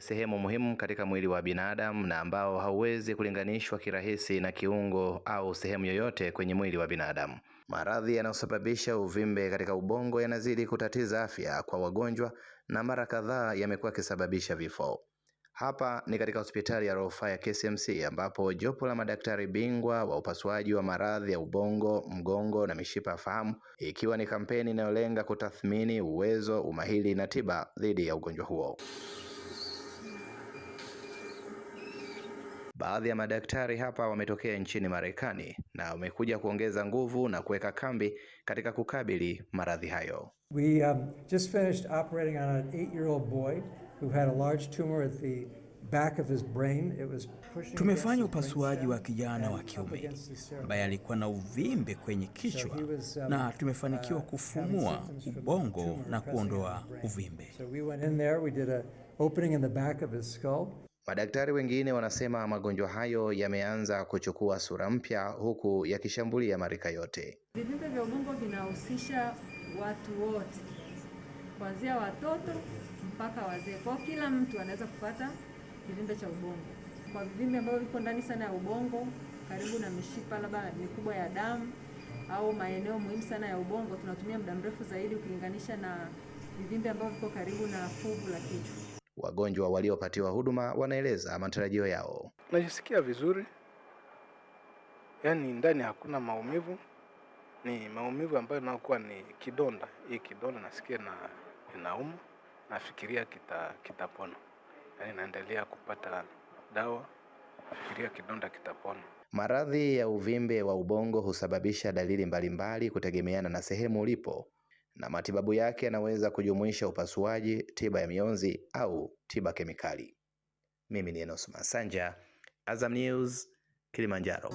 sehemu muhimu katika mwili wa binadamu na ambao hauwezi kulinganishwa kirahisi na kiungo au sehemu yoyote kwenye mwili wa binadamu. Maradhi yanayosababisha uvimbe katika ubongo yanazidi kutatiza afya kwa wagonjwa na mara kadhaa yamekuwa yakisababisha vifo. Hapa ni katika hospitali ya rufaa ya KCMC ambapo jopo la madaktari bingwa wa upasuaji wa maradhi ya ubongo, mgongo na mishipa ya fahamu, ikiwa ni kampeni inayolenga kutathmini uwezo, umahiri na tiba dhidi ya ugonjwa huo. Baadhi ya madaktari hapa wametokea nchini Marekani na wamekuja kuongeza nguvu na kuweka kambi katika kukabili maradhi hayo. We um, just finished operating on an 8-year-old boy who had a large tumor at the back of his brain. It was pushing. Tumefanya upasuaji wa kijana wa kiume ambaye alikuwa na uvimbe kwenye kichwa so was, um, na tumefanikiwa uh, kufumua ubongo na kuondoa uvimbe. So we went in there, we did a opening in the back of his skull. Madaktari wengine wanasema magonjwa hayo yameanza kuchukua sura mpya huku yakishambulia ya marika yote. Vivimbe vya ubongo vinahusisha watu wote kuanzia watoto mpaka wazee, kwa kila mtu anaweza kupata kivimbe cha ubongo. Kwa vivimbe ambavyo viko ndani sana ya ubongo karibu na mishipa labda mikubwa ya damu au maeneo muhimu sana ya ubongo, tunatumia muda mrefu zaidi ukilinganisha na vivimbe ambavyo viko karibu na fuvu la kichwa. Wagonjwa waliopatiwa huduma wanaeleza matarajio yao. Najisikia vizuri, yaani ndani hakuna maumivu, ni maumivu ambayo nakuwa ni kidonda. Hii kidonda nasikia na inauma, nafikiria kita kitapona, yaani naendelea kupata dawa, nafikiria kidonda kitapona. Maradhi ya uvimbe wa ubongo husababisha dalili mbalimbali kutegemeana na sehemu ulipo na matibabu yake yanaweza kujumuisha upasuaji, tiba ya mionzi au tiba kemikali. Mimi ni Enos Masanja, Azam News, Kilimanjaro.